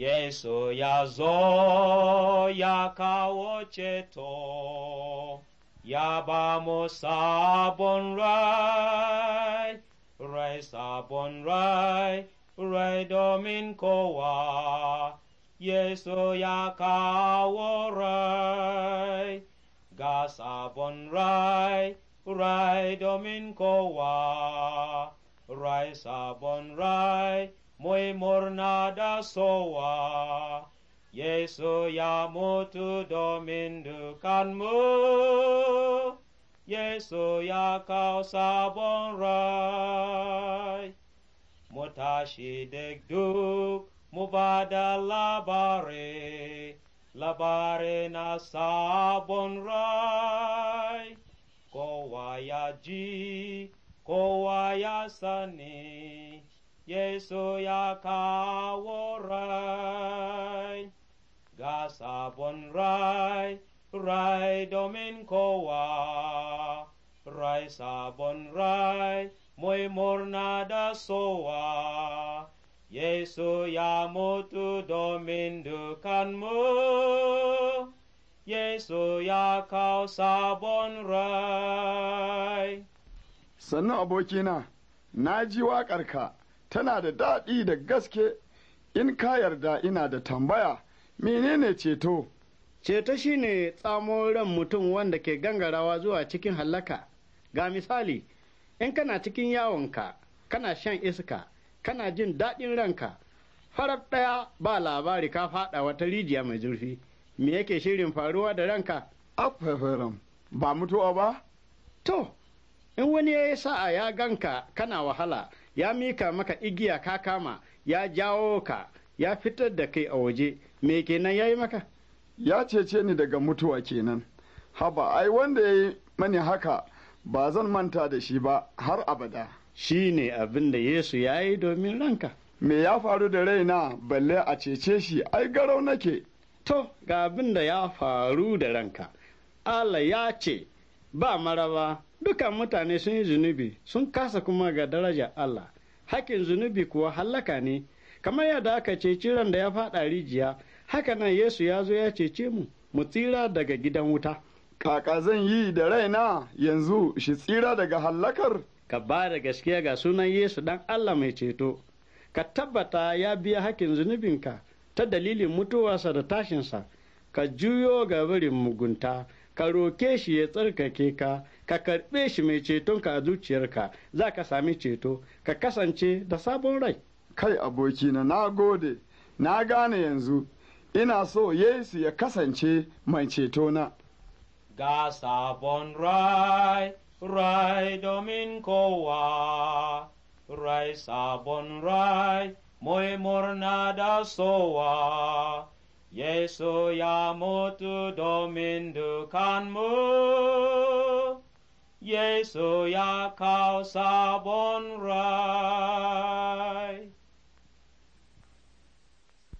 예수야 zoya kawocheto ya vamos a bonrai res a bonrai rai dominkoa yesuya kaworai gas a bonrai rai dominkoa res a bonrai muy murna da sowa. Yesu ya mutu domin Yesu ya kau sabon rai. Mu tashi duk Labare na sabon rai. ya ji, kowa ya sani. Yesu ya kawo rai, ga sabon rai, rai domin kowa, rai sabon rai, mai murna da sowa. Yesu ya mutu domin dukanmu, Yesu ya kawo sabon rai. Sannu abokina, na ji waƙarka. tana da daɗi da gaske in ka yarda ina da tambaya menene ceto ceto shine tsamo ran mutum wanda ke gangarawa zuwa cikin hallaka ga misali in kana cikin yawonka kana shan iska kana jin daɗin ranka farar ɗaya ba labari ka faɗa wata rijiya mai zurfi me yake shirin faruwa da ranka afafaram ba mutuwa ba to in wani ya yi sa'a ya ganka kana wahala ya mika maka igiya ka kama ya jawo ka ya fitar da kai a waje me kenan ya yi maka ya cece ni daga mutuwa kenan haba ai wanda ya yi mani haka ba zan manta da shi ba har abada shi ne abin da yesu ya yi domin ranka me ya faru da raina balle a cece shi ai garau nake to ga abin da ya faru da ranka allah ya ce ba maraba dukan mutane sun yi zunubi sun kasa kuma ga daraja Allah hakin zunubi kuwa hallaka ne kamar yadda aka ceci ran da ya faɗa rijiya haka nan Yesu ya zo ya cece mu mu tsira daga gidan wuta kaka zan yi da raina yanzu shi tsira daga hallakar ka ba da gaskiya ga sunan Yesu dan Allah mai ceto ka tabbata ya biya hakin zunubinka ta dalilin mutuwarsa da tashinsa ka juyo ga barin mugunta ka roke shi ya tsarkake ka ka karɓe shi mai ceton ka a zuciyarka za ka sami ceto ka kasance da sabon rai kai abokina na gode na gane yanzu ina so yesu ya kasance mai ceto na ga sabon rai rai domin kowa rai sabon rai mai murna da sowa Jesu yamotu domindukanmu. Yesu ya kau sabonra.